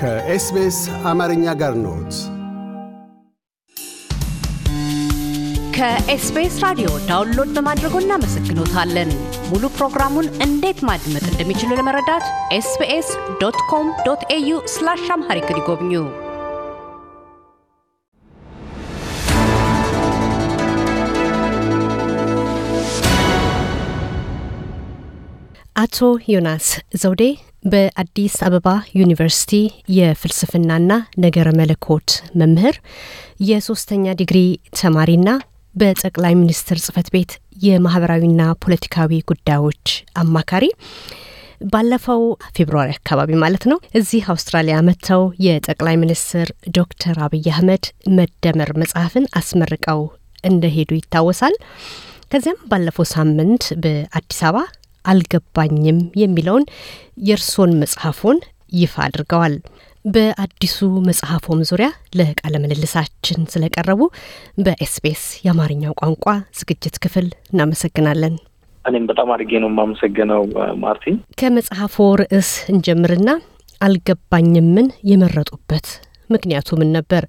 ከኤስቤስ አማርኛ ጋር ኖት። ከኤስቤስ ራዲዮ ዳውንሎድ በማድረጎ እናመሰግኖታለን። ሙሉ ፕሮግራሙን እንዴት ማድመጥ እንደሚችሉ ለመረዳት ኤስቤስ ዶት ኮም ዶት ኤዩ ስላሽ ይጎብኙ። አቶ ዮናስ ዘውዴ በአዲስ አበባ ዩኒቨርሲቲ የፍልስፍናና ነገረ መለኮት መምህር የሶስተኛ ዲግሪ ተማሪና በጠቅላይ ሚኒስትር ጽህፈት ቤት የማህበራዊና ፖለቲካዊ ጉዳዮች አማካሪ ባለፈው ፌብርዋሪ አካባቢ ማለት ነው እዚህ አውስትራሊያ መጥተው የጠቅላይ ሚኒስትር ዶክተር አብይ አህመድ መደመር መጽሐፍን አስመርቀው እንደሄዱ ይታወሳል። ከዚያም ባለፈው ሳምንት በአዲስ አበባ አልገባኝም የሚለውን የእርሶን መጽሐፎን ይፋ አድርገዋል። በአዲሱ መጽሐፎም ዙሪያ ለቃለ ምልልሳችን ስለቀረቡ በኤስቢኤስ የአማርኛው ቋንቋ ዝግጅት ክፍል እናመሰግናለን። እኔም በጣም አድርጌ ነው የማመሰግነው ማርቲን። ከመጽሐፎ ርዕስ እንጀምርና አልገባኝምን የመረጡበት ምክንያቱ ምን ነበር?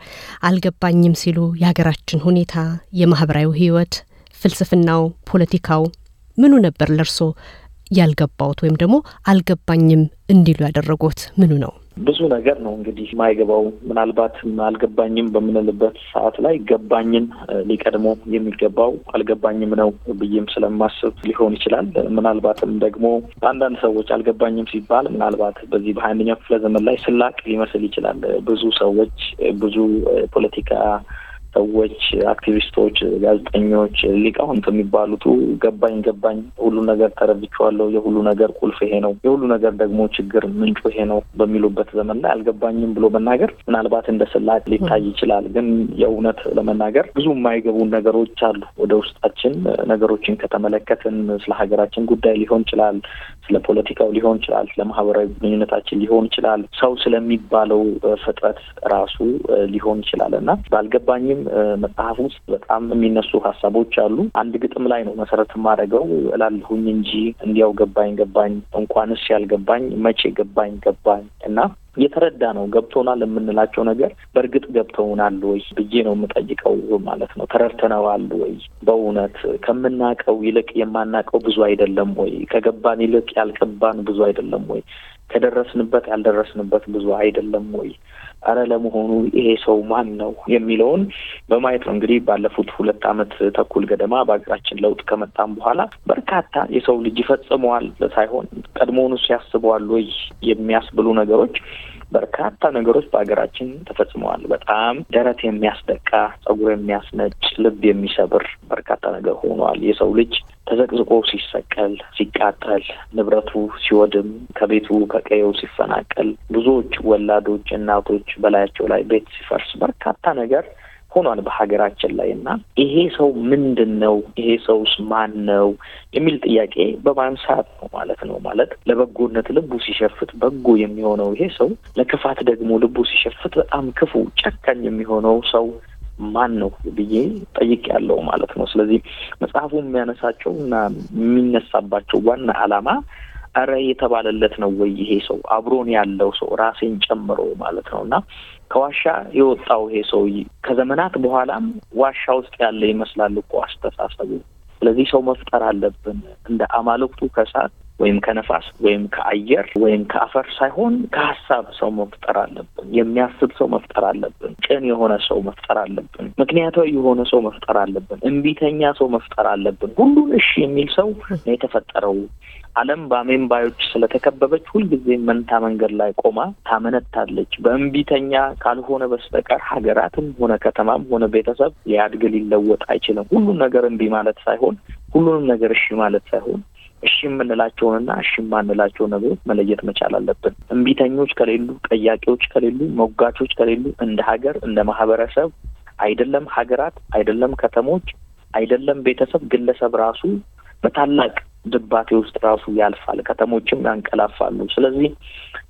አልገባኝም ሲሉ የሀገራችን ሁኔታ፣ የማህበራዊ ህይወት፣ ፍልስፍናው፣ ፖለቲካው ምኑ ነበር ለርሶ ያልገባውት ወይም ደግሞ አልገባኝም እንዲሉ ያደረጉት ምኑ ነው? ብዙ ነገር ነው እንግዲህ የማይገባው። ምናልባት አልገባኝም በምንልበት ሰዓት ላይ ገባኝን ሊቀድሞ የሚገባው አልገባኝም ነው ብዬም ስለማስብ ሊሆን ይችላል። ምናልባትም ደግሞ አንዳንድ ሰዎች አልገባኝም ሲባል ምናልባት በዚህ በሀያ አንደኛው ክፍለ ዘመን ላይ ስላቅ ሊመስል ይችላል። ብዙ ሰዎች ብዙ ፖለቲካ ሰዎች፣ አክቲቪስቶች፣ ጋዜጠኞች፣ ሊቃውንት የሚባሉት ገባኝ ገባኝ ሁሉ ነገር ተረድቼዋለሁ፣ የሁሉ ነገር ቁልፍ ይሄ ነው፣ የሁሉ ነገር ደግሞ ችግር ምንጩ ይሄ ነው በሚሉበት ዘመን ላይ አልገባኝም ብሎ መናገር ምናልባት እንደ ስላቅ ሊታይ ይችላል። ግን የእውነት ለመናገር ብዙ የማይገቡን ነገሮች አሉ። ወደ ውስጣችን ነገሮችን ከተመለከትን ስለ ሀገራችን ጉዳይ ሊሆን ይችላል፣ ስለ ፖለቲካው ሊሆን ይችላል፣ ስለ ማህበራዊ ግንኙነታችን ሊሆን ይችላል፣ ሰው ስለሚባለው ፍጥረት ራሱ ሊሆን ይችላል እና ባልገባኝም መጽሐፍ ውስጥ በጣም የሚነሱ ሀሳቦች አሉ። አንድ ግጥም ላይ ነው መሰረት ማድረገው እላልሁኝ እንጂ እንዲያው ገባኝ ገባኝ እንኳንስ ያልገባኝ መቼ ገባኝ ገባኝ እና የተረዳ ነው ገብቶናል የምንላቸው ነገር በእርግጥ ገብተውናል ወይ ብዬ ነው የምጠይቀው ማለት ነው። ተረድተነዋል ወይ በእውነት ከምናቀው ይልቅ የማናቀው ብዙ አይደለም ወይ? ከገባን ይልቅ ያልገባን ብዙ አይደለም ወይ? ከደረስንበት ያልደረስንበት ብዙ አይደለም ወይ? አረ ለመሆኑ ይሄ ሰው ማን ነው የሚለውን በማየት ነው እንግዲህ ባለፉት ሁለት አመት ተኩል ገደማ በሀገራችን ለውጥ ከመጣም በኋላ በርካታ የሰው ልጅ ይፈጽመዋል ሳይሆን ቀድሞውኑ ሲያስበዋል ወይ የሚያስብሉ ነገሮች በርካታ ነገሮች በሀገራችን ተፈጽመዋል። በጣም ደረት የሚያስደቃ ጸጉር የሚያስነጭ ልብ የሚሰብር በርካታ ነገር ሆኗል። የሰው ልጅ ተዘቅዝቆ ሲሰቀል፣ ሲቃጠል፣ ንብረቱ ሲወድም፣ ከቤቱ ከቀየው ሲፈናቀል፣ ብዙዎች ወላዶች እናቶች በላያቸው ላይ ቤት ሲፈርስ በርካታ ነገር ሆኗል በሀገራችን ላይ እና ይሄ ሰው ምንድን ነው ይሄ ሰውስ ማን ነው የሚል ጥያቄ በማንሳት ነው ማለት ነው። ማለት ለበጎነት ልቡ ሲሸፍት በጎ የሚሆነው ይሄ ሰው፣ ለክፋት ደግሞ ልቡ ሲሸፍት በጣም ክፉ ጨካኝ የሚሆነው ሰው ማን ነው ብዬ ጠይቅ ያለው ማለት ነው። ስለዚህ መጽሐፉ የሚያነሳቸው እና የሚነሳባቸው ዋና አላማ? እረ የተባለለት ነው ወይ ይሄ ሰው አብሮን ያለው ሰው ራሴን ጨምሮ ማለት ነው እና ከዋሻ የወጣው ይሄ ሰው ከዘመናት በኋላም ዋሻ ውስጥ ያለ ይመስላል እኮ አስተሳሰቡ። ስለዚህ ሰው መፍጠር አለብን እንደ አማልክቱ ከሳት ወይም ከነፋስ ወይም ከአየር ወይም ከአፈር ሳይሆን ከሀሳብ ሰው መፍጠር አለብን። የሚያስብ ሰው መፍጠር አለብን። ቅን የሆነ ሰው መፍጠር አለብን። ምክንያታዊ የሆነ ሰው መፍጠር አለብን። እምቢተኛ ሰው መፍጠር አለብን። ሁሉን እሺ የሚል ሰው ነው የተፈጠረው። ዓለም በአሜንባዮች ስለተከበበች ሁልጊዜ መንታ መንገድ ላይ ቆማ ታመነታለች። በእምቢተኛ ካልሆነ በስተቀር ሀገራትም ሆነ ከተማም ሆነ ቤተሰብ ሊያድግ ሊለወጥ አይችልም። ሁሉን ነገር እምቢ ማለት ሳይሆን ሁሉንም ነገር እሺ ማለት ሳይሆን እሺ የምንላቸውንና እሺ የማንላቸው ነገሮች መለየት መቻል አለብን። እምቢተኞች ከሌሉ፣ ጠያቂዎች ከሌሉ፣ ሞጋቾች ከሌሉ እንደ ሀገር እንደ ማህበረሰብ አይደለም ሀገራት አይደለም ከተሞች አይደለም ቤተሰብ ግለሰብ ራሱ በታላቅ ድባቴ ውስጥ ራሱ ያልፋል። ከተሞችም ያንቀላፋሉ። ስለዚህ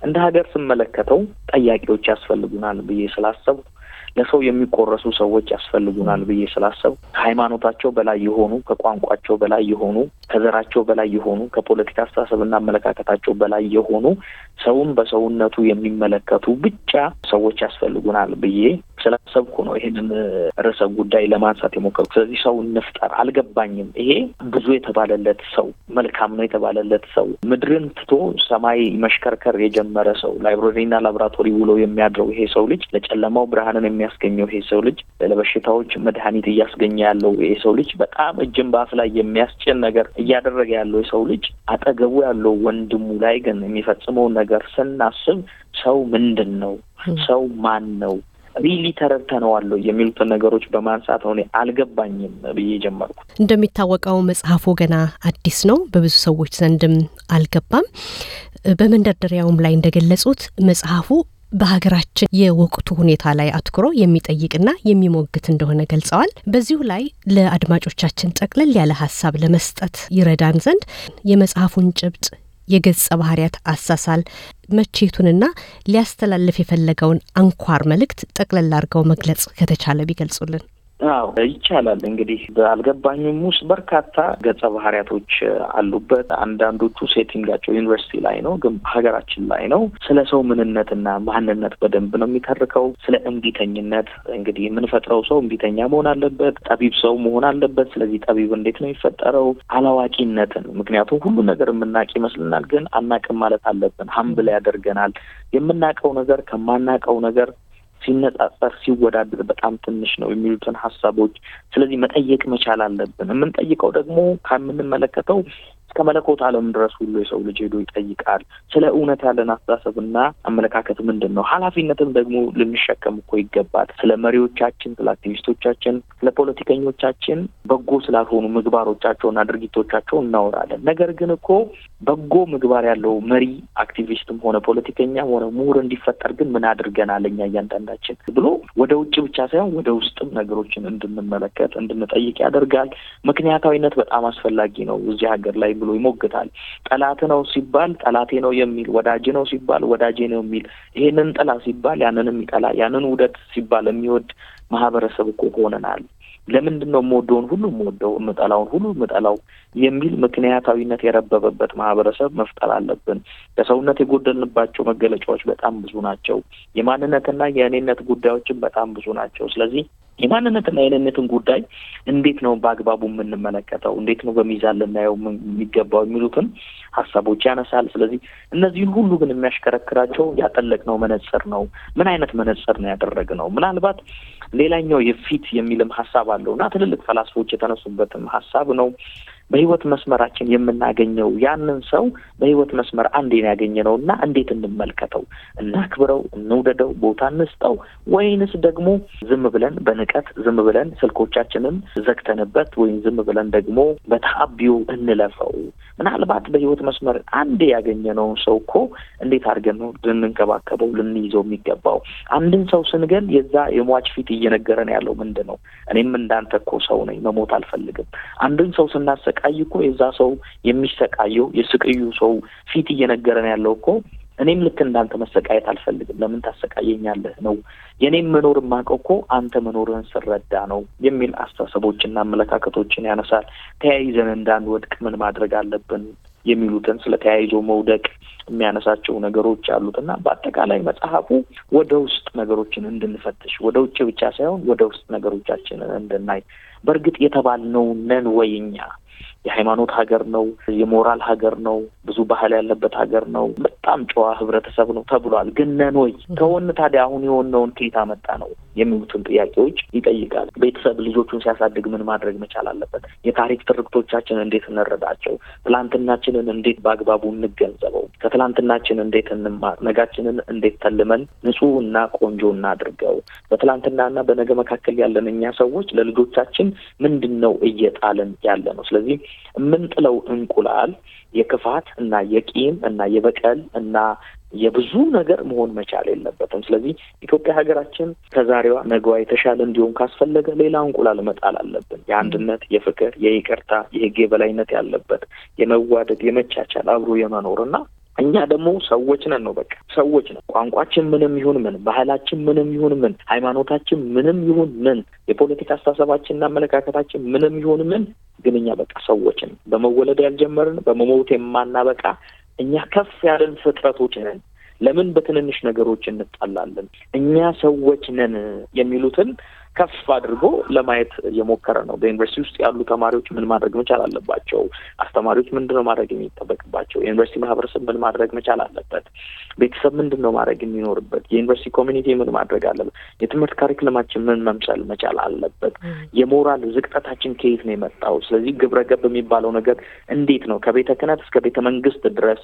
እንደ ሀገር ስመለከተው ጠያቂዎች ያስፈልጉናል ብዬ ስላሰቡ ለሰው የሚቆረሱ ሰዎች ያስፈልጉናል ብዬ ስላሰብ ከሃይማኖታቸው በላይ የሆኑ ከቋንቋቸው በላይ የሆኑ ከዘራቸው በላይ የሆኑ ከፖለቲካ አስተሳሰብና አመለካከታቸው በላይ የሆኑ ሰውን በሰውነቱ የሚመለከቱ ብቻ ሰዎች ያስፈልጉናል ብዬ ስላሰብኩ ነው ይሄንን ርዕሰ ጉዳይ ለማንሳት የሞከሩ ስለዚህ ሰው እንፍጠር አልገባኝም። ይሄ ብዙ የተባለለት ሰው፣ መልካም ነው የተባለለት ሰው፣ ምድርን ትቶ ሰማይ መሽከርከር የጀመረ ሰው፣ ላይብረሪና ላቦራቶሪ ውሎ የሚያድረው ይሄ ሰው ልጅ፣ ለጨለማው ብርሃንን የሚያስገኘው ይሄ ሰው ልጅ፣ ለበሽታዎች መድኃኒት እያስገኘ ያለው ይሄ ሰው ልጅ፣ በጣም እጅን በአፍ ላይ የሚያስጭን ነገር እያደረገ ያለው የሰው ልጅ አጠገቡ ያለው ወንድሙ ላይ ግን የሚፈጽመው ነገር ስናስብ ሰው ምንድን ነው? ሰው ማን ነው? ሪሊ ተረድተነዋለሁ የሚሉትን ነገሮች በማንሳት ሆኔ አልገባኝም ብዬ ጀመርኩ። እንደሚታወቀው መጽሐፉ ገና አዲስ ነው፣ በብዙ ሰዎች ዘንድም አልገባም። በመንደርደሪያውም ላይ እንደገለጹት መጽሐፉ በሀገራችን የወቅቱ ሁኔታ ላይ አትኩሮ የሚጠይቅና የሚሞግት እንደሆነ ገልጸዋል። በዚሁ ላይ ለአድማጮቻችን ጠቅለል ያለ ሀሳብ ለመስጠት ይረዳን ዘንድ የመጽሐፉን ጭብጥ የገጸ ባህርያት አሳሳል መቼቱንና ሊያስተላልፍ የፈለገውን አንኳር መልእክት ጠቅለል አድርገው መግለጽ ከተቻለ ቢገልጹልን። አዎ ይቻላል። እንግዲህ በአልገባኝም ውስጥ በርካታ ገጸ ባህሪያቶች አሉበት። አንዳንዶቹ ሴቲንጋቸው ዩኒቨርሲቲ ላይ ነው፣ ግን ሀገራችን ላይ ነው። ስለ ሰው ምንነትና ማንነት በደንብ ነው የሚተርከው። ስለ እምቢተኝነት እንግዲህ የምንፈጥረው ሰው እምቢተኛ መሆን አለበት፣ ጠቢብ ሰው መሆን አለበት። ስለዚህ ጠቢብ እንዴት ነው የሚፈጠረው? አላዋቂነትን፣ ምክንያቱም ሁሉ ነገር የምናቅ ይመስልናል፣ ግን አናቅም ማለት አለብን። ሀምብል ያደርገናል። የምናቀው ነገር ከማናቀው ነገር ሲነጻጸር ሲወዳደር በጣም ትንሽ ነው የሚሉትን ሀሳቦች ስለዚህ መጠየቅ መቻል አለብን። የምንጠይቀው ደግሞ ከምንመለከተው እስከ መለኮት ዓለም ድረስ ሁሉ የሰው ልጅ ሄዶ ይጠይቃል። ስለ እውነት ያለን አስተሳሰብና አመለካከት ምንድን ነው? ኃላፊነትም ደግሞ ልንሸከም እኮ ይገባል። ስለ መሪዎቻችን፣ ስለ አክቲቪስቶቻችን፣ ስለ ፖለቲከኞቻችን በጎ ስላልሆኑ ምግባሮቻቸውና ድርጊቶቻቸው እናወራለን። ነገር ግን እኮ በጎ ምግባር ያለው መሪ አክቲቪስትም ሆነ ፖለቲከኛም ሆነ ምሁር እንዲፈጠር ግን ምን አድርገናል እኛ እያንዳንዳችን ብሎ ወደ ውጭ ብቻ ሳይሆን ወደ ውስጥም ነገሮችን እንድንመለከት እንድንጠይቅ ያደርጋል። ምክንያታዊነት በጣም አስፈላጊ ነው እዚህ ሀገር ላይ ብሎ ይሞግታል። ጠላት ነው ሲባል ጠላቴ ነው የሚል፣ ወዳጅ ነው ሲባል ወዳጄ ነው የሚል፣ ይሄንን ጥላ ሲባል ያንን የሚጠላ ያንን ውደት ሲባል የሚወድ ማህበረሰብ እኮ ሆነናል። ለምንድን ነው የምወደውን ሁሉ የምወደው የምጠላውን ሁሉ የምጠላው የሚል ምክንያታዊነት የረበበበት ማህበረሰብ መፍጠር አለብን። ለሰውነት የጎደልንባቸው መገለጫዎች በጣም ብዙ ናቸው። የማንነትና የእኔነት ጉዳዮችን በጣም ብዙ ናቸው። ስለዚህ የማንነትና የነነትን ጉዳይ እንዴት ነው በአግባቡ የምንመለከተው፣ እንዴት ነው በሚዛን ልናየው የሚገባው የሚሉትን ሀሳቦች ያነሳል። ስለዚህ እነዚህን ሁሉ ግን የሚያሽከረክራቸው ያጠለቅነው መነጽር ነው። ምን አይነት መነጽር ነው ያደረግነው? ምናልባት ሌላኛው የፊት የሚልም ሀሳብ አለው እና ትልልቅ ፈላስፎች የተነሱበትም ሀሳብ ነው። በህይወት መስመራችን የምናገኘው ያንን ሰው በህይወት መስመር አንዴ ነው ያገኘነው እና እንዴት እንመልከተው? እናክብረው፣ እንውደደው፣ ቦታ እንስጠው ወይንስ ደግሞ ዝም ብለን በንቀት ዝም ብለን ስልኮቻችንን ዘግተንበት ወይም ዝም ብለን ደግሞ በታቢው እንለፈው? ምናልባት በህይወት መስመር አንዴ ያገኘነውን ሰው እኮ እንዴት አድርገን ነው ልንንከባከበው ልንይዘው የሚገባው? አንድን ሰው ስንገል የዛ የሟች ፊት እየነገረን ያለው ምንድን ነው? እኔም እንዳንተ እኮ ሰው ነኝ፣ መሞት አልፈልግም። አንድን ሰው ስናሰ ስንሰቃይ እኮ የዛ ሰው የሚሰቃየው የስቅዩ ሰው ፊት እየነገረን ያለው እኮ እኔም ልክ እንዳንተ መሰቃየት አልፈልግም፣ ለምን ታሰቃየኛለህ ነው። የእኔም መኖር የማውቀው እኮ አንተ መኖርህን ስረዳ ነው የሚል አስተሳሰቦችና አመለካከቶችን ያነሳል። ተያይዘን እንዳንወድቅ ምን ማድረግ አለብን የሚሉትን ስለ ተያይዞ መውደቅ የሚያነሳቸው ነገሮች አሉት እና በአጠቃላይ መጽሐፉ ወደ ውስጥ ነገሮችን እንድንፈትሽ፣ ወደ ውጭ ብቻ ሳይሆን ወደ ውስጥ ነገሮቻችንን እንድናይ በእርግጥ የተባልነው ነን ወይ እኛ የሃይማኖት ሀገር ነው። የሞራል ሀገር ነው። ብዙ ባህል ያለበት ሀገር ነው። በጣም ጨዋ ህብረተሰብ ነው ተብሏል። ግን ነን ወይ ከሆን ታዲያ አሁን የሆነውን ከየት አመጣ ነው የሚሉትን ጥያቄዎች ይጠይቃል። ቤተሰብ ልጆቹን ሲያሳድግ ምን ማድረግ መቻል አለበት? የታሪክ ትርክቶቻችን እንዴት እንረዳቸው? ትላንትናችንን እንዴት በአግባቡ እንገንዘበው? ከትላንትናችን እንዴት እንማር? ነጋችንን እንዴት ተልመን ንጹህ እና ቆንጆ እናድርገው? በትላንትናና በነገ መካከል ያለን እኛ ሰዎች ለልጆቻችን ምንድን ነው እየጣልን ያለ ነው? ስለዚህ የምንጥለው እንቁላል የክፋት እና የቂም እና የበቀል እና የብዙ ነገር መሆን መቻል የለበትም። ስለዚህ ኢትዮጵያ ሀገራችን ከዛሬዋ ነገዋ የተሻለ እንዲሆን ካስፈለገ ሌላ እንቁላል መጣል አለብን። የአንድነት፣ የፍቅር፣ የይቅርታ፣ የህግ የበላይነት ያለበት የመዋደድ፣ የመቻቻል አብሮ የመኖር እና እኛ ደግሞ ሰዎች ነን ነው በቃ ሰዎች ነን። ቋንቋችን ምንም ይሁን ምን፣ ባህላችን ምንም ይሁን ምን፣ ሃይማኖታችን ምንም ይሁን ምን፣ የፖለቲካ አስተሳሰባችንና አመለካከታችን ምንም ይሁን ምን፣ ግን እኛ በቃ ሰዎች ነን። በመወለድ ያልጀመርን በመሞት የማናበቃ እኛ ከፍ ያለን ፍጥረቶች ነን። ለምን በትንንሽ ነገሮች እንጣላለን? እኛ ሰዎች ነን የሚሉትን ከፍ አድርጎ ለማየት እየሞከረ ነው። በዩኒቨርሲቲ ውስጥ ያሉ ተማሪዎች ምን ማድረግ መቻል አለባቸው? አስተማሪዎች ምንድን ነው ማድረግ የሚጠበቅባቸው? የዩኒቨርሲቲ ማህበረሰብ ምን ማድረግ መቻል አለበት? ቤተሰብ ምንድን ነው ማድረግ የሚኖርበት? የዩኒቨርሲቲ ኮሚኒቲ ምን ማድረግ አለበት? የትምህርት ካሪክለማችን ምን መምሰል መቻል አለበት? የሞራል ዝቅጠታችን ከየት ነው የመጣው? ስለዚህ ግብረገብ የሚባለው ነገር እንዴት ነው ከቤተ ክህነት እስከ ቤተ መንግስት ድረስ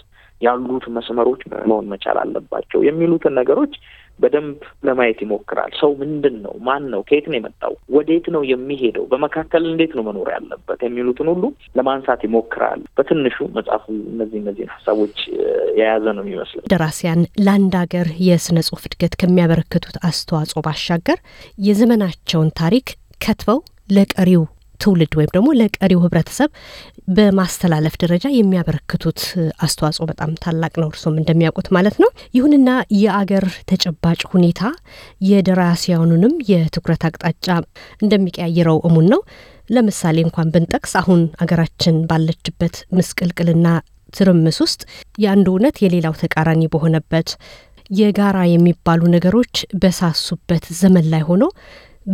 ያሉት መስመሮች መሆን መቻል አለባቸው የሚሉትን ነገሮች በደንብ ለማየት ይሞክራል። ሰው ምንድን ነው? ማን ነው? ከየት ነው የመጣው? ወዴት ነው የሚሄደው? በመካከል እንዴት ነው መኖር ያለበት? የሚሉትን ሁሉ ለማንሳት ይሞክራል። በትንሹ መጽሐፉ እነዚህ እነዚህን ሀሳቦች የያዘ ነው የሚመስለው። ደራሲያን ለአንድ ሀገር የስነ ጽሁፍ እድገት ከሚያበረክቱት አስተዋጽኦ ባሻገር የዘመናቸውን ታሪክ ከትበው ለቀሪው ትውልድ ወይም ደግሞ ለቀሪው ህብረተሰብ በማስተላለፍ ደረጃ የሚያበረክቱት አስተዋጽኦ በጣም ታላቅ ነው፣ እርሶም እንደሚያውቁት ማለት ነው። ይሁንና የአገር ተጨባጭ ሁኔታ የደራሲያኑንም የትኩረት አቅጣጫ እንደሚቀያይረው እሙን ነው። ለምሳሌ እንኳን ብንጠቅስ አሁን አገራችን ባለችበት ምስቅልቅልና ትርምስ ውስጥ የአንዱ እውነት የሌላው ተቃራኒ በሆነበት የጋራ የሚባሉ ነገሮች በሳሱበት ዘመን ላይ ሆኖ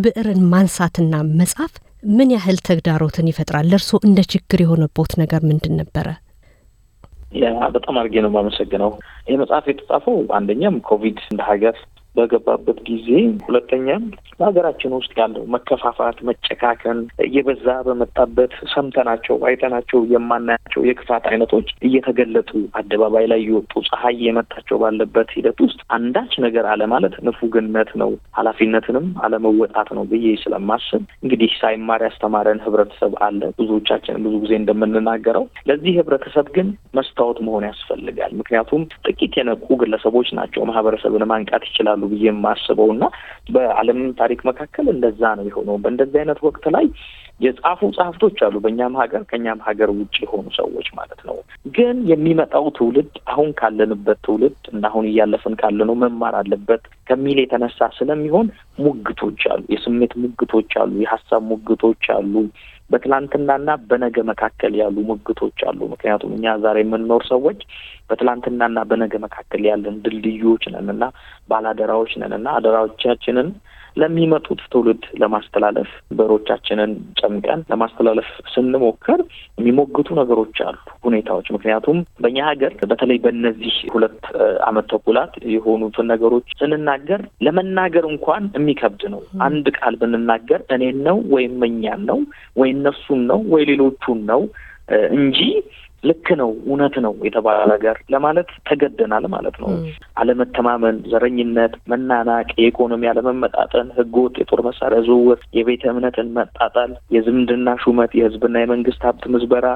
ብዕርን ማንሳትና መጻፍ ምን ያህል ተግዳሮትን ይፈጥራል? ለእርስዎ እንደ ችግር የሆነቦት ነገር ምንድን ነበረ? ያ በጣም አድርጌ ነው የማመሰግነው። ይህ መጽሐፍ የተጻፈው አንደኛም ኮቪድ እንደ ሀገር በገባበት ጊዜ ሁለተኛም በሀገራችን ውስጥ ያለው መከፋፋት፣ መጨካከን እየበዛ በመጣበት ሰምተናቸው አይተናቸው የማናያቸው የክፋት አይነቶች እየተገለጡ አደባባይ ላይ እየወጡ ፀሐይ የመታቸው ባለበት ሂደት ውስጥ አንዳች ነገር አለማለት ንፉግነት ነው፣ ኃላፊነትንም አለመወጣት ነው ብዬ ስለማስብ እንግዲህ ሳይማር ያስተማረን ህብረተሰብ አለ። ብዙዎቻችን ብዙ ጊዜ እንደምንናገረው ለዚህ ህብረተሰብ ግን መስታወት መሆን ያስፈልጋል። ምክንያቱም ጥቂት የነቁ ግለሰቦች ናቸው ማህበረሰብን ማንቃት ይችላሉ ይችላሉ ብዬ የማስበው እና በዓለም ታሪክ መካከል እንደዛ ነው የሆነው። በእንደዚህ አይነት ወቅት ላይ የጻፉ ጸሐፍቶች አሉ፣ በእኛም ሀገር ከእኛም ሀገር ውጭ የሆኑ ሰዎች ማለት ነው። ግን የሚመጣው ትውልድ አሁን ካለንበት ትውልድ እና አሁን እያለፍን ካለነው መማር አለበት ከሚል የተነሳ ስለሚሆን ሙግቶች አሉ፣ የስሜት ሙግቶች አሉ፣ የሀሳብ ሙግቶች አሉ በትላንትናና በነገ መካከል ያሉ ሙግቶች አሉ። ምክንያቱም እኛ ዛሬ የምንኖር ሰዎች በትላንትናና በነገ መካከል ያለን ድልድዮች ነን እና ባላደራዎች ነን እና አደራዎቻችንን ለሚመጡት ትውልድ ለማስተላለፍ በሮቻችንን ጨምቀን ለማስተላለፍ ስንሞክር የሚሞግቱ ነገሮች አሉ፣ ሁኔታዎች። ምክንያቱም በእኛ ሀገር በተለይ በእነዚህ ሁለት ዓመት ተኩላት የሆኑትን ነገሮች ስንናገር ለመናገር እንኳን የሚከብድ ነው። አንድ ቃል ብንናገር እኔን ነው ወይም እኛን ነው ወይም እነሱን ነው ወይ ሌሎቹን ነው እንጂ ልክ ነው እውነት ነው የተባለ ነገር ለማለት ተገደናል ማለት ነው። አለመተማመን፣ ዘረኝነት፣ መናናቅ፣ የኢኮኖሚ አለመመጣጠን፣ ህገወጥ የጦር መሳሪያ ዝውውር፣ የቤተ እምነትን መጣጣል፣ የዝምድና ሹመት፣ የህዝብና የመንግስት ሀብት ምዝበራ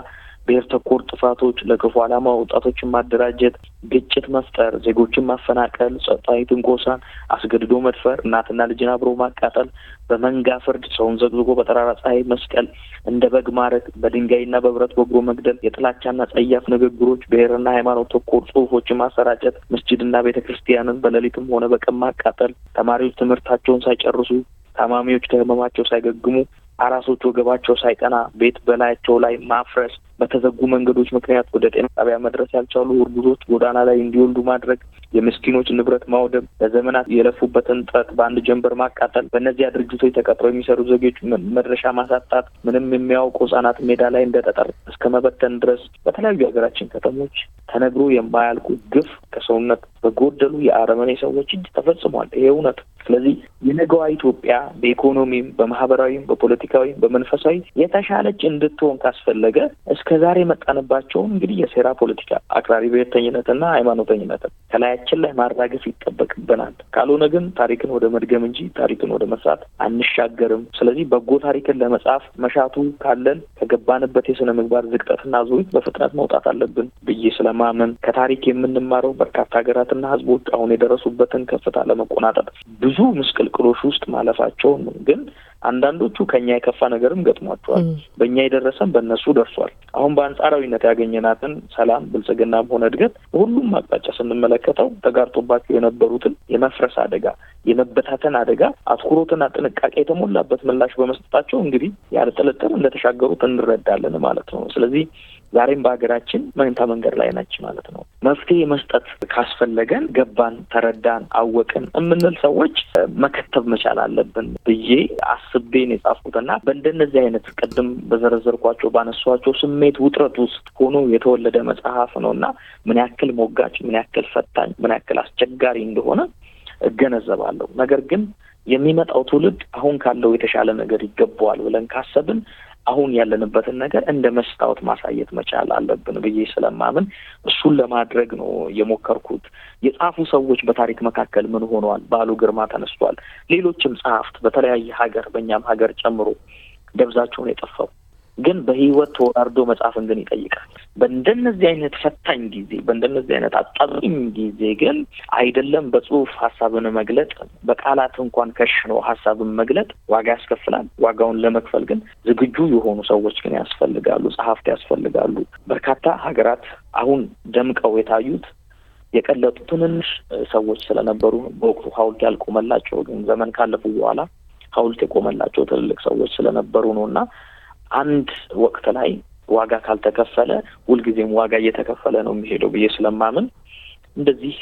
ብሔር ተኮር ጥፋቶች፣ ለክፉ ዓላማ ወጣቶችን ማደራጀት፣ ግጭት መፍጠር፣ ዜጎችን ማፈናቀል፣ ጸጥታዊ ትንኮሳን፣ አስገድዶ መድፈር፣ እናትና ልጅን አብሮ ማቃጠል፣ በመንጋ ፍርድ፣ ሰውን ዘግዝጎ በጠራራ ፀሐይ መስቀል፣ እንደ በግ ማረድ፣ በድንጋይና በብረት ወግሮ መግደል፣ የጥላቻና ጸያፍ ንግግሮች፣ ብሔርና ሃይማኖት ተኮር ጽሁፎችን ማሰራጨት፣ መስጅድና ቤተ ክርስቲያንን በሌሊትም ሆነ በቀን ማቃጠል፣ ተማሪዎች ትምህርታቸውን ሳይጨርሱ ታማሚዎች ከህመማቸው ሳይገግሙ አራሶች ወገባቸው ሳይቀና ቤት በላያቸው ላይ ማፍረስ፣ በተዘጉ መንገዶች ምክንያት ወደ ጤና ጣቢያ መድረስ ያልቻሉ እርጉዞች ጎዳና ላይ እንዲወልዱ ማድረግ፣ የምስኪኖች ንብረት ማውደም፣ ለዘመናት የለፉበትን ጥረት በአንድ ጀንበር ማቃጠል፣ በእነዚያ ድርጅቶች ተቀጥረው የሚሰሩ ዜጎች መድረሻ ማሳጣት፣ ምንም የሚያውቁ ህጻናት ሜዳ ላይ እንደ ጠጠር እስከ መበተን ድረስ በተለያዩ የሀገራችን ከተሞች ተነግሮ የማያልቁ ግፍ ከሰውነት በጎደሉ የአረመኔ ሰዎች እጅ ተፈጽሟል። ይሄ እውነት ስለዚህ የነገዋ ኢትዮጵያ በኢኮኖሚም፣ በማህበራዊም፣ በፖለቲካዊም፣ በመንፈሳዊ የተሻለች እንድትሆን ካስፈለገ እስከ ዛሬ መጣንባቸውን እንግዲህ የሴራ ፖለቲካ አክራሪ ብሔርተኝነትና ሃይማኖተኝነትን ከላያችን ላይ ማራገፍ ይጠበቅብናል። ካልሆነ ግን ታሪክን ወደ መድገም እንጂ ታሪክን ወደ መስራት አንሻገርም። ስለዚህ በጎ ታሪክን ለመጻፍ መሻቱ ካለን ከገባንበት የስነ ምግባር ዝቅጠትና ዙሪት በፍጥነት መውጣት አለብን ብዬ ስለማመን ከታሪክ የምንማረው በርካታ ሀገራትና ህዝቦች አሁን የደረሱበትን ከፍታ ለመቆናጠጥ ብዙ ምስቅልቅሎች ውስጥ ማለፋቸውን ነው። ግን አንዳንዶቹ ከኛ የከፋ ነገርም ገጥሟቸዋል። በእኛ የደረሰን በእነሱ ደርሷል። አሁን በአንጻራዊነት ያገኘናትን ሰላም፣ ብልጽግናም ሆነ እድገት በሁሉም አቅጣጫ ስንመለከተው ተጋርጦባቸው የነበሩትን የመፍረስ አደጋ፣ የመበታተን አደጋ አትኩሮትና ጥንቃቄ የተሞላበት ምላሽ በመስጠታቸው እንግዲህ ያለ ጥልጥል እንደተሻገሩት እንረዳለን ማለት ነው። ስለዚህ ዛሬም በሀገራችን መንታ መንገድ ላይ ናች ማለት ነው። መፍትሄ መስጠት ካስፈለገን ገባን፣ ተረዳን፣ አወቅን የምንል ሰዎች መከተብ መቻል አለብን ብዬ አስቤን የጻፍኩትና በእንደነዚህ አይነት ቅድም በዘረዘርኳቸው ባነሷቸው ስሜት ውጥረት ውስጥ ሆኖ የተወለደ መጽሐፍ ነው እና ምን ያክል ሞጋጭ፣ ምን ያክል ፈታኝ፣ ምን ያክል አስቸጋሪ እንደሆነ እገነዘባለሁ። ነገር ግን የሚመጣው ትውልድ አሁን ካለው የተሻለ ነገር ይገባዋል ብለን ካሰብን አሁን ያለንበትን ነገር እንደ መስታወት ማሳየት መቻል አለብን ብዬ ስለማምን እሱን ለማድረግ ነው የሞከርኩት። የጻፉ ሰዎች በታሪክ መካከል ምን ሆኗል? በዓሉ ግርማ ተነስቷል። ሌሎችም ጸሐፍት በተለያየ ሀገር፣ በእኛም ሀገር ጨምሮ ደብዛቸውን የጠፋው ግን በህይወት ተወራርዶ መጽሐፍን ግን ይጠይቃል። በእንደነዚህ አይነት ፈታኝ ጊዜ፣ በእንደነዚህ አይነት አጣብቂኝ ጊዜ ግን አይደለም በጽሁፍ ሀሳብን መግለጥ በቃላት እንኳን ከሽኖ ሀሳብን መግለጥ ዋጋ ያስከፍላል። ዋጋውን ለመክፈል ግን ዝግጁ የሆኑ ሰዎች ግን ያስፈልጋሉ፣ ጸሐፍት ያስፈልጋሉ። በርካታ ሀገራት አሁን ደምቀው የታዩት የቀለጡ ትንንሽ ሰዎች ስለነበሩ በወቅቱ ሀውልት ያልቆመላቸው ግን ዘመን ካለፉ በኋላ ሀውልት የቆመላቸው ትልልቅ ሰዎች ስለነበሩ ነው እና አንድ ወቅት ላይ ዋጋ ካልተከፈለ ሁልጊዜም ዋጋ እየተከፈለ ነው የሚሄደው ብዬ ስለማምን እንደዚህ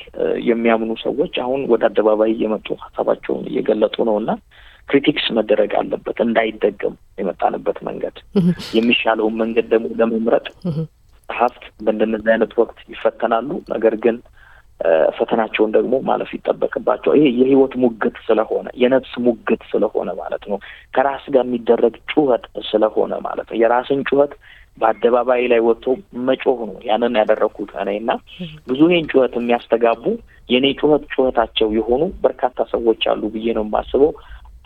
የሚያምኑ ሰዎች አሁን ወደ አደባባይ እየመጡ ሀሳባቸውን እየገለጡ ነው እና ክሪቲክስ መደረግ አለበት እንዳይደገም የመጣንበት መንገድ የሚሻለውን መንገድ ደግሞ ለመምረጥ ጸሀፍት በእንደነዚህ አይነት ወቅት ይፈተናሉ። ነገር ግን ፈተናቸውን ደግሞ ማለፍ ይጠበቅባቸዋል። ይሄ የህይወት ሙግት ስለሆነ የነፍስ ሙግት ስለሆነ ማለት ነው። ከራስ ጋር የሚደረግ ጩኸት ስለሆነ ማለት ነው። የራስን ጩኸት በአደባባይ ላይ ወጥቶ መጮህ ነው። ያንን ያደረግኩት እኔ እና ብዙ ይህን ጩኸት የሚያስተጋቡ የእኔ ጩኸት ጩኸታቸው የሆኑ በርካታ ሰዎች አሉ ብዬ ነው የማስበው።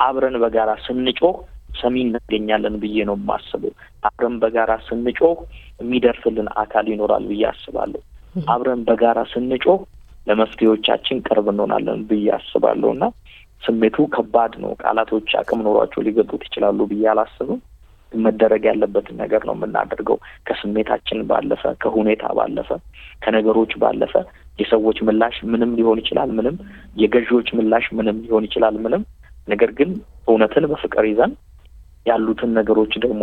አብረን በጋራ ስንጮህ ሰሚ እናገኛለን ብዬ ነው የማስበው። አብረን በጋራ ስንጮህ የሚደርስልን አካል ይኖራል ብዬ አስባለሁ። አብረን በጋራ ስንጮህ ለመፍትሄዎቻችን ቅርብ እንሆናለን ብዬ አስባለሁ እና ስሜቱ ከባድ ነው። ቃላቶች አቅም ኖሯቸው ሊገጡት ይችላሉ ብዬ አላስብም። መደረግ ያለበትን ነገር ነው የምናደርገው። ከስሜታችን ባለፈ፣ ከሁኔታ ባለፈ፣ ከነገሮች ባለፈ የሰዎች ምላሽ ምንም ሊሆን ይችላል፣ ምንም የገዢዎች ምላሽ ምንም ሊሆን ይችላል፣ ምንም ነገር ግን እውነትን በፍቅር ይዘን ያሉትን ነገሮች ደግሞ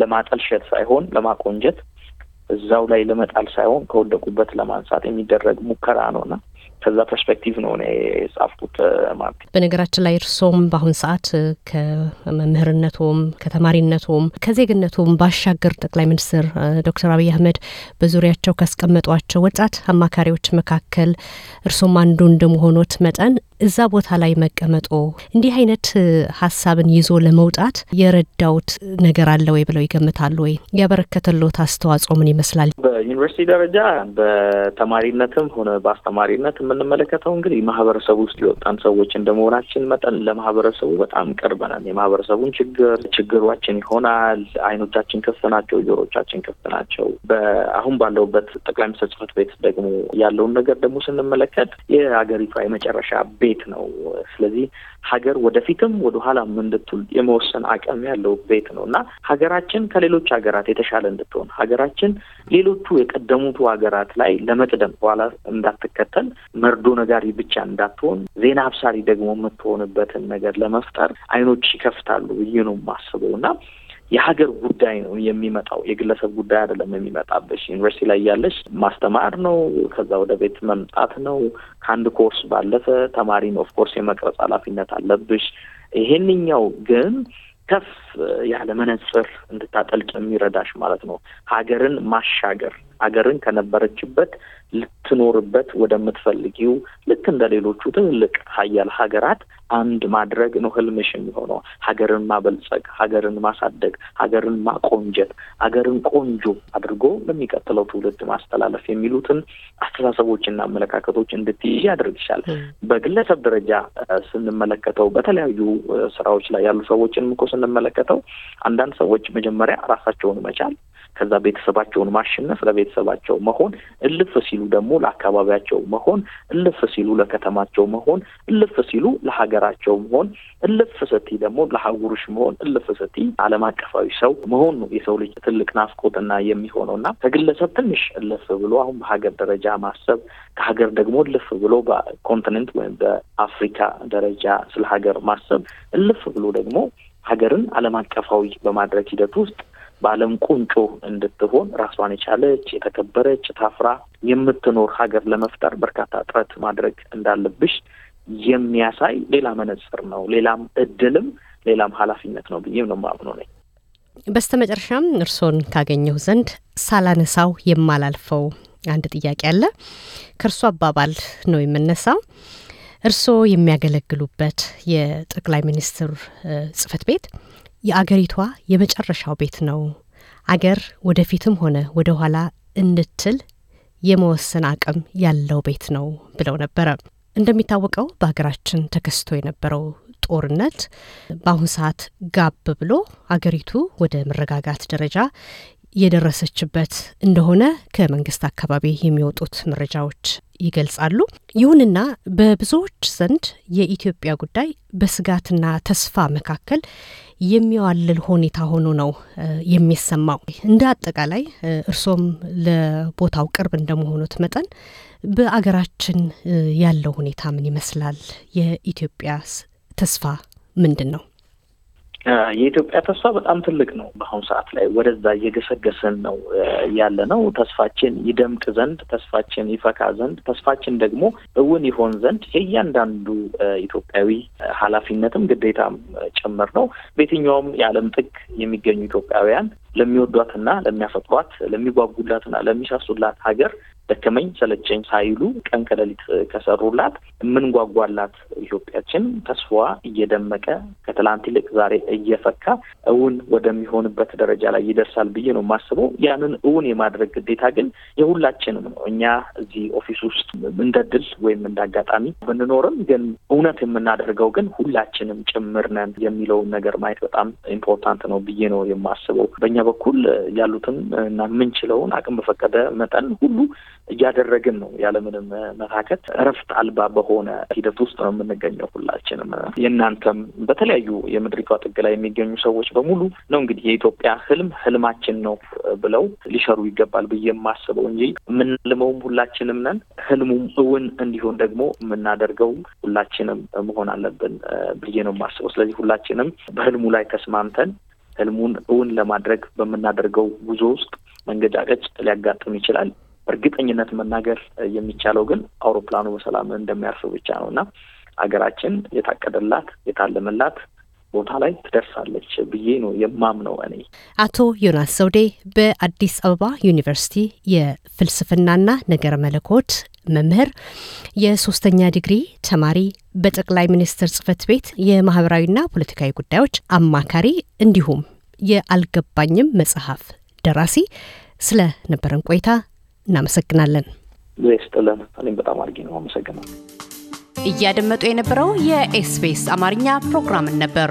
ለማጠልሸት ሳይሆን ለማቆንጀት እዛው ላይ ለመጣል ሳይሆን ከወደቁበት ለማንሳት የሚደረግ ሙከራ ነው እና ከዛ ፐርስፔክቲቭ ነው እኔ የጻፍኩት ማለት በነገራችን ላይ እርሶም በአሁን ሰዓት ከመምህርነቱም ከተማሪነቱም ከዜግነቱም ባሻገር ጠቅላይ ሚኒስትር ዶክተር አብይ አህመድ በዙሪያቸው ካስቀመጧቸው ወጣት አማካሪዎች መካከል እርሶም አንዱ እንደመሆኖት መጠን እዛ ቦታ ላይ መቀመጦ እንዲህ አይነት ሀሳብን ይዞ ለመውጣት የረዳውት ነገር አለ ወይ ብለው ይገምታሉ? ወይ ያበረከተሎት አስተዋጽኦ ምን ይመስላል? በዩኒቨርሲቲ ደረጃ በተማሪነትም ሆነ በአስተማሪነት የምንመለከተው እንግዲህ ማህበረሰቡ ውስጥ የወጣን ሰዎች እንደመሆናችን መጠን ለማህበረሰቡ በጣም ቀርበናል። የማህበረሰቡን ችግር ችግሯችን ይሆናል። አይኖቻችን ክፍት ናቸው፣ ጆሮቻችን ክፍት ናቸው። በአሁን ባለውበት ጠቅላይ ሚኒስትር ጽፈት ቤት ደግሞ ያለውን ነገር ደግሞ ስንመለከት የሀገሪቷ የመጨረሻ ቤት ነው። ስለዚህ ሀገር ወደፊትም ወደ ኋላ እንድትል የመወሰን አቅም ያለው ቤት ነው እና ሀገራችን ከሌሎች ሀገራት የተሻለ እንድትሆን ሀገራችን ሌሎቹ የቀደሙቱ ሀገራት ላይ ለመቅደም በኋላ እንዳትከተል መርዶ ነጋሪ ብቻ እንዳትሆን ዜና አብሳሪ ደግሞ የምትሆንበትን ነገር ለመፍጠር አይኖች ይከፍታሉ ብዬ ነው የማስበው እና የሀገር ጉዳይ ነው የሚመጣው፣ የግለሰብ ጉዳይ አይደለም የሚመጣብሽ። ዩኒቨርሲቲ ላይ ያለሽ ማስተማር ነው፣ ከዛ ወደ ቤት መምጣት ነው። ከአንድ ኮርስ ባለፈ ተማሪን ኦፍኮርስ የመቅረጽ ኃላፊነት አለብሽ። ይሄንኛው ግን ከፍ ያለ መነጽር እንድታጠልቅ የሚረዳሽ ማለት ነው ሀገርን ማሻገር አገርን ከነበረችበት ልትኖርበት ወደምትፈልጊው ልክ እንደ ሌሎቹ ትልልቅ ሀያል ሀገራት አንድ ማድረግ ነው ህልምሽ የሚሆነው። ሀገርን ማበልጸግ፣ ሀገርን ማሳደግ፣ ሀገርን ማቆንጀት፣ ሀገርን ቆንጆ አድርጎ ለሚቀጥለው ትውልድ ማስተላለፍ የሚሉትን አስተሳሰቦችና አመለካከቶች እንድትይዥ ያደርግሻል። በግለሰብ ደረጃ ስንመለከተው በተለያዩ ስራዎች ላይ ያሉ ሰዎችን እኮ ስንመለከተው አንዳንድ ሰዎች መጀመሪያ ራሳቸውን መቻል ከዛ ቤተሰባቸውን ማሸነፍ፣ ለቤተሰባቸው መሆን፣ እልፍ ሲሉ ደግሞ ለአካባቢያቸው መሆን፣ እልፍ ሲሉ ለከተማቸው መሆን፣ እልፍ ሲሉ ለሀገራቸው መሆን፣ እልፍ ስቲ ደግሞ ለሀጉርሽ መሆን፣ እልፍ ስቲ ዓለም አቀፋዊ ሰው መሆን ነው የሰው ልጅ ትልቅ ናፍቆትና የሚሆነው እና ከግለሰብ ትንሽ እልፍ ብሎ አሁን በሀገር ደረጃ ማሰብ ከሀገር ደግሞ እልፍ ብሎ በኮንቲኔንት ወይም በአፍሪካ ደረጃ ስለ ሀገር ማሰብ እልፍ ብሎ ደግሞ ሀገርን ዓለም አቀፋዊ በማድረግ ሂደት ውስጥ በዓለም ቁንጮ እንድትሆን ራሷን የቻለች የተከበረች ታፍራ የምትኖር ሀገር ለመፍጠር በርካታ ጥረት ማድረግ እንዳለብሽ የሚያሳይ ሌላ መነጽር ነው። ሌላም እድልም ሌላም ኃላፊነት ነው ብዬም ነው ማምኖ ነኝ። በስተ መጨረሻም እርስዎን ካገኘሁ ዘንድ ሳላነሳው የማላልፈው አንድ ጥያቄ አለ። ከእርሶ አባባል ነው የምነሳው። እርስዎ የሚያገለግሉበት የጠቅላይ ሚኒስትር ጽህፈት ቤት የአገሪቷ የመጨረሻው ቤት ነው። አገር ወደፊትም ሆነ ወደ ኋላ እንድትል የመወሰን አቅም ያለው ቤት ነው ብለው ነበረ። እንደሚታወቀው በሀገራችን ተከስቶ የነበረው ጦርነት በአሁኑ ሰዓት ጋብ ብሎ አገሪቱ ወደ መረጋጋት ደረጃ የደረሰችበት እንደሆነ ከመንግስት አካባቢ የሚወጡት መረጃዎች ይገልጻሉ። ይሁንና በብዙዎች ዘንድ የኢትዮጵያ ጉዳይ በስጋትና ተስፋ መካከል የሚዋልል ሁኔታ ሆኖ ነው የሚሰማው። እንደ አጠቃላይ እርሶም ለቦታው ቅርብ እንደመሆኑት መጠን በአገራችን ያለው ሁኔታ ምን ይመስላል? የኢትዮጵያ ተስፋ ምንድን ነው? የኢትዮጵያ ተስፋ በጣም ትልቅ ነው። በአሁኑ ሰዓት ላይ ወደዛ እየገሰገስን ነው ያለ ነው። ተስፋችን ይደምቅ ዘንድ፣ ተስፋችን ይፈካ ዘንድ፣ ተስፋችን ደግሞ እውን ይሆን ዘንድ የእያንዳንዱ ኢትዮጵያዊ ኃላፊነትም ግዴታም ጭምር ነው። በየትኛውም የዓለም ጥግ የሚገኙ ኢትዮጵያውያን ለሚወዷትና ለሚያፈቅሯት ለሚጓጉላትና ለሚሳሱላት ሀገር ደከመኝ ሰለቸኝ ሳይሉ ቀን ከሌሊት ከሰሩላት የምንጓጓላት ኢትዮጵያችን ተስፋዋ እየደመቀ ከትላንት ይልቅ ዛሬ እየፈካ እውን ወደሚሆንበት ደረጃ ላይ ይደርሳል ብዬ ነው የማስበው። ያንን እውን የማድረግ ግዴታ ግን የሁላችንም ነው። እኛ እዚህ ኦፊስ ውስጥ እንደ ድል ወይም እንደ አጋጣሚ ብንኖርም ግን እውነት የምናደርገው ግን ሁላችንም ጭምር ነን የሚለውን ነገር ማየት በጣም ኢምፖርታንት ነው ብዬ ነው የማስበው። በእኛ በኩል ያሉትን እና የምንችለውን አቅም በፈቀደ መጠን ሁሉ እያደረግን ነው። ያለምንም መታከት እረፍት አልባ በሆነ ሂደት ውስጥ ነው የምንገኘው። ሁላችንም የእናንተም በተለያዩ የምድሪቷ ጥግ ላይ የሚገኙ ሰዎች በሙሉ ነው እንግዲህ የኢትዮጵያ ህልም ህልማችን ነው ብለው ሊሰሩ ይገባል ብዬ የማስበው እንጂ የምንልመውም ሁላችንም ነን። ህልሙም እውን እንዲሆን ደግሞ የምናደርገው ሁላችንም መሆን አለብን ብዬ ነው የማስበው። ስለዚህ ሁላችንም በህልሙ ላይ ተስማምተን ህልሙን እውን ለማድረግ በምናደርገው ጉዞ ውስጥ መንገጫገጭ ሊያጋጥም ይችላል። በእርግጠኝነት መናገር የሚቻለው ግን አውሮፕላኑ በሰላም እንደሚያርፍ ብቻ ነው እና ሀገራችን የታቀደላት የታለመላት ቦታ ላይ ትደርሳለች ብዬ ነው የማምነው እኔ። አቶ ዮናስ ዘውዴ በአዲስ አበባ ዩኒቨርሲቲ የፍልስፍናና ነገረ መለኮት መምህር፣ የሶስተኛ ዲግሪ ተማሪ፣ በጠቅላይ ሚኒስትር ጽህፈት ቤት የማህበራዊና ፖለቲካዊ ጉዳዮች አማካሪ እንዲሁም የአልገባኝም መጽሐፍ ደራሲ ስለ ነበረን ቆይታ እናመሰግናለን። ስጥልን። በጣም አድርጌ ነው አመሰግናል። እያደመጡ የነበረው የኤስቢኤስ አማርኛ ፕሮግራምን ነበር።